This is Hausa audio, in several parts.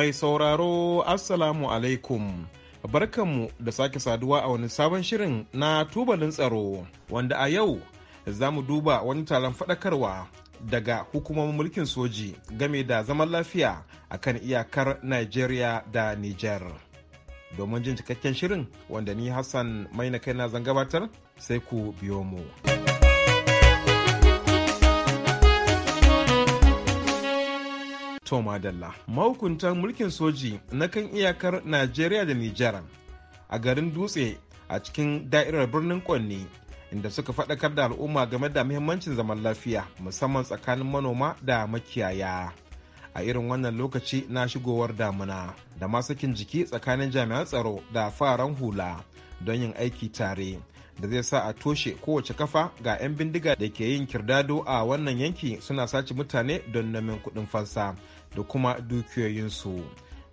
Mai sauraro Assalamu alaikum. Barkanmu da sake saduwa a wani sabon shirin na tubalin tsaro wanda a yau za mu duba wani taron faɗakarwa daga hukumomin mulkin soji game da zaman lafiya a kan iyakar Nigeria da Niger. Domin jin cikakken shirin wanda ni Hassan mai na kai na zan gabatar sai ku biyo mu. Toma Dalla. mahukuntan mulkin soji na kan iyakar Najeriya da Nijar a garin Dutse a cikin da'irar birnin Kwanne inda suka faɗakar da al'umma game da muhimmancin zaman lafiya musamman tsakanin manoma da makiyaya. A irin wannan lokaci na shigowar damuna da masakin jiki tsakanin jami'an tsaro da faran hula don yin aiki tare. da zai sa a toshe kowace kafa ga 'yan bindiga da ke yin kirdado a wannan yanki suna sace mutane don namin kuɗin fansa da kuma dukiyoyinsu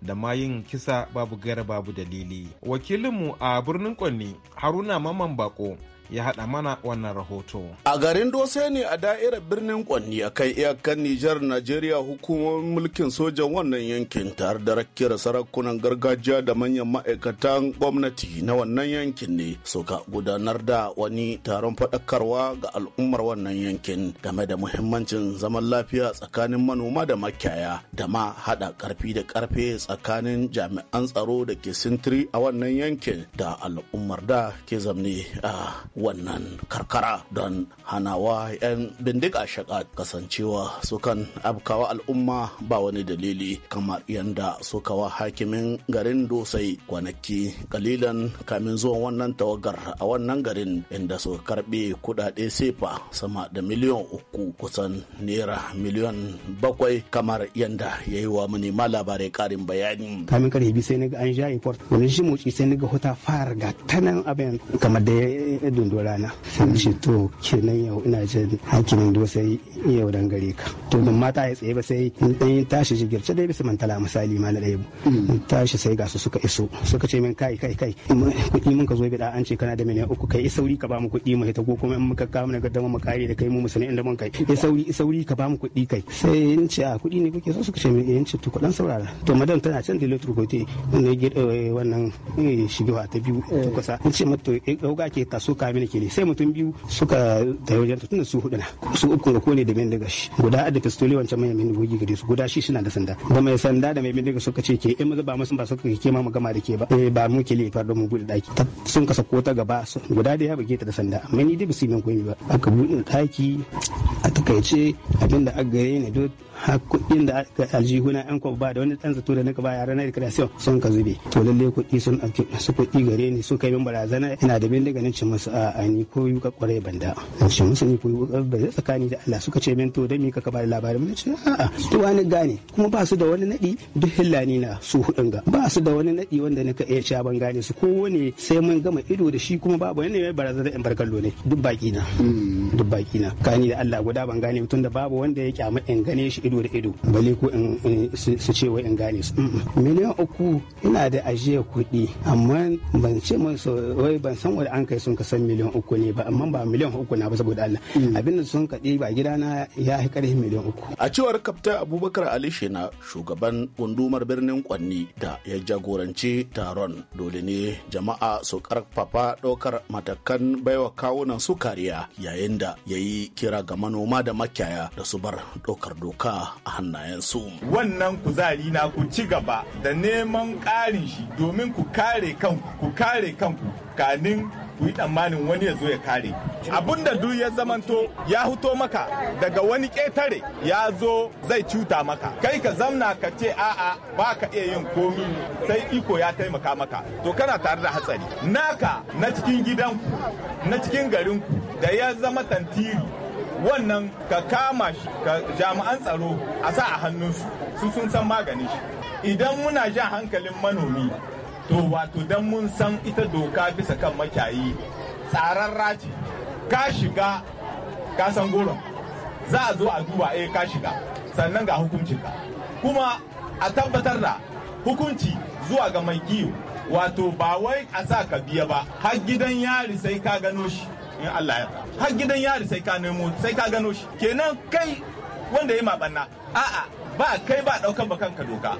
da ma yin kisa babu gara babu dalili wakilinmu a birnin kwanni haruna maman bako ya haɗa mana wannan rahoto. A garin Dose ne a da'irar birnin Kwanni a kan iyakar Nijar Najeriya hukumomin mulkin sojan wannan yankin tare da rakkira sarakunan gargajiya da manyan ma'aikatan gwamnati na wannan yankin ne suka gudanar da wani taron faɗakarwa ga al'ummar wannan yankin game da muhimmancin zaman lafiya tsakanin manoma da makiyaya da ma haɗa ƙarfi da ƙarfe tsakanin jami'an tsaro da ke sintiri a wannan yankin da al'ummar da ke zamne a wannan karkara don hanawa 'yan bindiga shaka kasancewa sukan abkawa al'umma ba wani dalili kamar yadda suka wa hakimin garin dosai kwanaki kalilan kamin zuwan wannan tawagar a wannan garin inda suka karbe kudade sefa sama da miliyan uku kusan naira miliyan bakwai kamar yadda ya yi wa manema labarai karin bayani kamin kare bi sai ga an ja import wani shi motsi sai ga hota fara ga tanan abin kamar da ya wando rana sun na ce to kenan yau ina jin hakin do sai yau dan gare ka to ban mata ya tsaye ba sai dan tashi jigirce dai bisa mantala misali ma na ɗaya tashi sai ga su suka iso suka ce min kai kai kai kudi mun ka zo bida an ce kana da mene uku kai sauri ka ba mu kudi mu hita ko kuma in muka kawo mana gaddama mu kare da kai mu musulmi inda mun kai sauri sauri ka ba mu kudi kai sai in ce a kuɗi ne kuke so suka ce min eh, in ce to kuɗan saurara to madam tana can da te ne te wannan eh, shigewa ta biyu ta kusa in ce mata to eh, ga ke taso ka abin da ke ne sai mutum biyu suka tayi wajen tunda su hudu na su uku da kone da bindiga shi guda da pistoli wancan mai bugi gare su guda shi suna da sanda da mai sanda da mai bindiga suka ce ke in maza ba musu ba suka ke ma mu gama da ke ba eh ba mu ke le fardo mu bude daki sun kasa ko ta gaba guda da ya bage ta da sanda amma ni dai ba su yi min komai ba aka bude daki a takaice abinda aka gare ni duk hakkokin da aljihuna yan kwab ba da wani dan zato da naka ba yaran sai sun ka zube to lalle kuɗi sun ɗauki su kuɗi gare ni su kai min barazana ina da bin daga nan ce musu a ani ko yu ka kware banda na musu ni ko yu ka banda tsakani da Allah suka ce min to da mi ka ka ba da labarin mun ce a'a to wani gane kuma ba su da wani nadi duk hillani na su hudun ga ba su da wani nadi wanda naka iya cewa ban gane su wani sai mun gama ido da shi kuma babu wani mai barazana in barkallo ne duk baki na hmm. duk baki na kani da Allah guda ban gane tun da babu wanda ya kyamu in gane shi ido da ido bale ko su ce wa in gane su miliyan uku ina da ajiyar kuɗi amma ban ce mun wai ban san wani an kai sun ka san miliyan uku ne ba amma ba miliyan uku na ba saboda Allah mm. abin sun kaɗi ba gidana ya yi ƙarfin miliyan uku a cewar kafta abubakar ali shena shugaban gundumar birnin kwanni da ya jagoranci taron dole ne jama'a su karfafa ɗaukar matakan baiwa kawunan su kariya yayin da ya yi kira ga manoma da makiyaya da su bar ɗaukar doka a hannayensu. Wannan kuzari na ku ci gaba da neman ƙarin shi domin ku kare kanku, ku kare kanku kanin ku yi tsammanin wani ya zo ya kare. Abun da duk ya zamanto ya huto maka daga wani ƙetare ya zo zai cuta maka. Kai ka zamna ka ce a'a ba ka iya yin komi sai iko ya taimaka maka. To kana tare da hatsari. Naka na cikin gidanku, na cikin garinku da ya zama tantiri wannan ka kama shi jami'an tsaro a sa a hannunsu su sun san magani shi idan muna jan hankalin manomi to wato dan mun san ita doka bisa kan makyayi tsararra ce ka shiga ka san za a zo a duba eh ka shiga sannan ga hukuncinka kuma a tabbatar da hukunci zuwa ga mai giyu wato ba wai a sa ka biya ba har gidan yari sai ka gano shi in Allah ya har gidan yari sai ka nemo sai ka gano shi kenan kai wanda ya maɓanna a'a ba kai ba ɗaukan ba kanka doka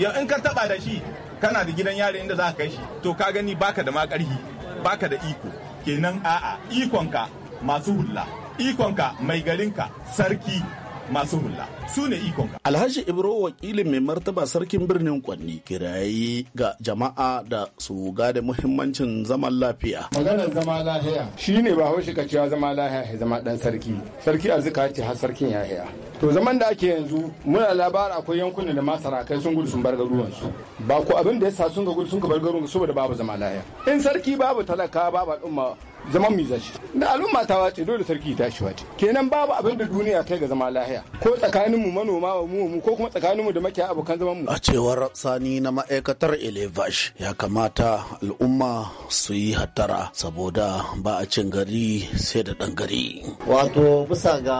yau in ka taɓa da shi kana da gidan yari inda za ka kai shi to ka gani baka da ma ƙarfi baka da iko kenan a'a ikonka masu hulla ikonka mai garinka sarki masu hula su ne ikon ka. Alhaji Ibro wakilin mai martaba sarkin birnin Kwanni kirayi ga jama'a da su gane muhimmancin zaman lafiya. Maganar zama lahiya shi ne ba haushi ka cewa zama lahiya ya zama dan sarki. Sarki zuka ce har sarkin haya. To zaman da ake yanzu muna labarin akwai yankunan da masara kai sun gudu sun bar garuruwansu. Ba ku abin da ya sa sun ga gudu sun ka bar garuruwansu saboda babu zama lahiya. In sarki babu talaka babu al'umma zaman mai zashi da al'umma ta wace dole sarki ta shi wace kenan babu abin da duniya kai ga zama lahiya ko tsakanin mu manoma wa mu mu ko kuma tsakanin mu da makiya abokan zaman mu a cewar sani na ma'aikatar elevash ya kamata al'umma su yi hattara saboda ba a cin gari sai da dan gari wato bisa ga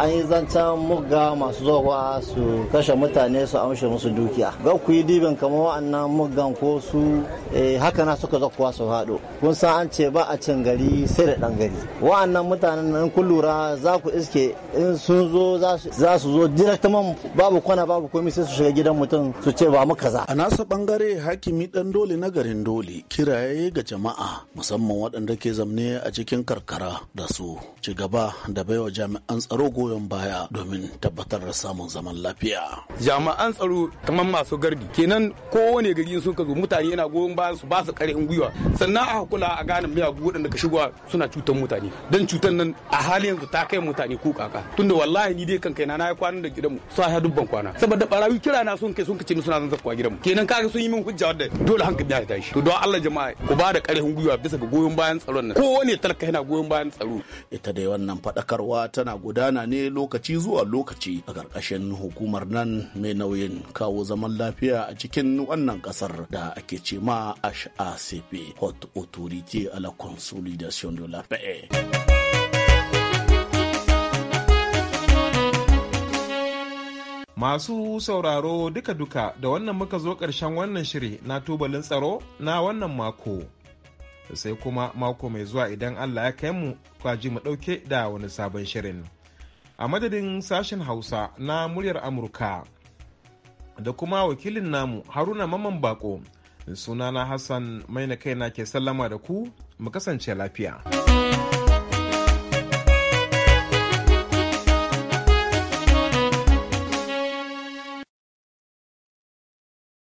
an yi zancen mugga masu zuwa su kashe mutane su amshe musu dukiya ga ku yi dibin kamar wa'annan muggan ko su eh, haka na suka zakuwa su haɗo kun san an ce ba a cin gari sai da dan gari wa'annan mutanen nan kun lura za ku iske in sun zo za su zo direktaman babu kwana babu komai sai su shiga gidan mutum su ce ba mu kaza a nasu bangare hakimi dan dole na garin dole kiraye ga jama'a musamman waɗanda ke zamne a cikin karkara da su ci gaba da baiwa jami'an tsaro goyon baya domin tabbatar da samun zaman lafiya jami'an tsaro kamar masu gardi kenan kowane gari sun ka zo mutane yana goyon baya su ba su kare in gwiwa sannan a kula a gane miyagu waɗanda daga shigowa suna cutar mutane dan cutar nan a hali yanzu ta kai mutane ko kaka tunda wallahi ni dai kan kai na na kwanan da gidanmu sa ha dubban kwana saboda barawi kira na sun kai sun kace ni suna zan zakwa gidanmu kenan kaga sun yi min hujja wadda dole hankali ya tashi to don Allah jama'a ku ba da karfin gwiwa bisa ga goyon bayan tsaron nan kowane talaka yana goyon bayan tsaro ita dai wannan fadakarwa tana gudana ne lokaci zuwa lokaci a ƙarƙashin hukumar nan mai nauyin kawo zaman lafiya a cikin wannan ƙasar da ake ce ma HACP Hot Authority a la consolidation de la Masu sauraro duka-duka da wannan muka zo ƙarshen wannan shiri na tubalin tsaro na wannan mako. Sai kuma mako mai zuwa idan Allah ya kai mu kwaji mu ɗauke da wani sabon shirin. A madadin sashen Hausa na muryar Amurka da kuma wakilin namu Haruna Maman Bako. sunana hassan maina kaina ke sallama da ku mu kasance lafiya.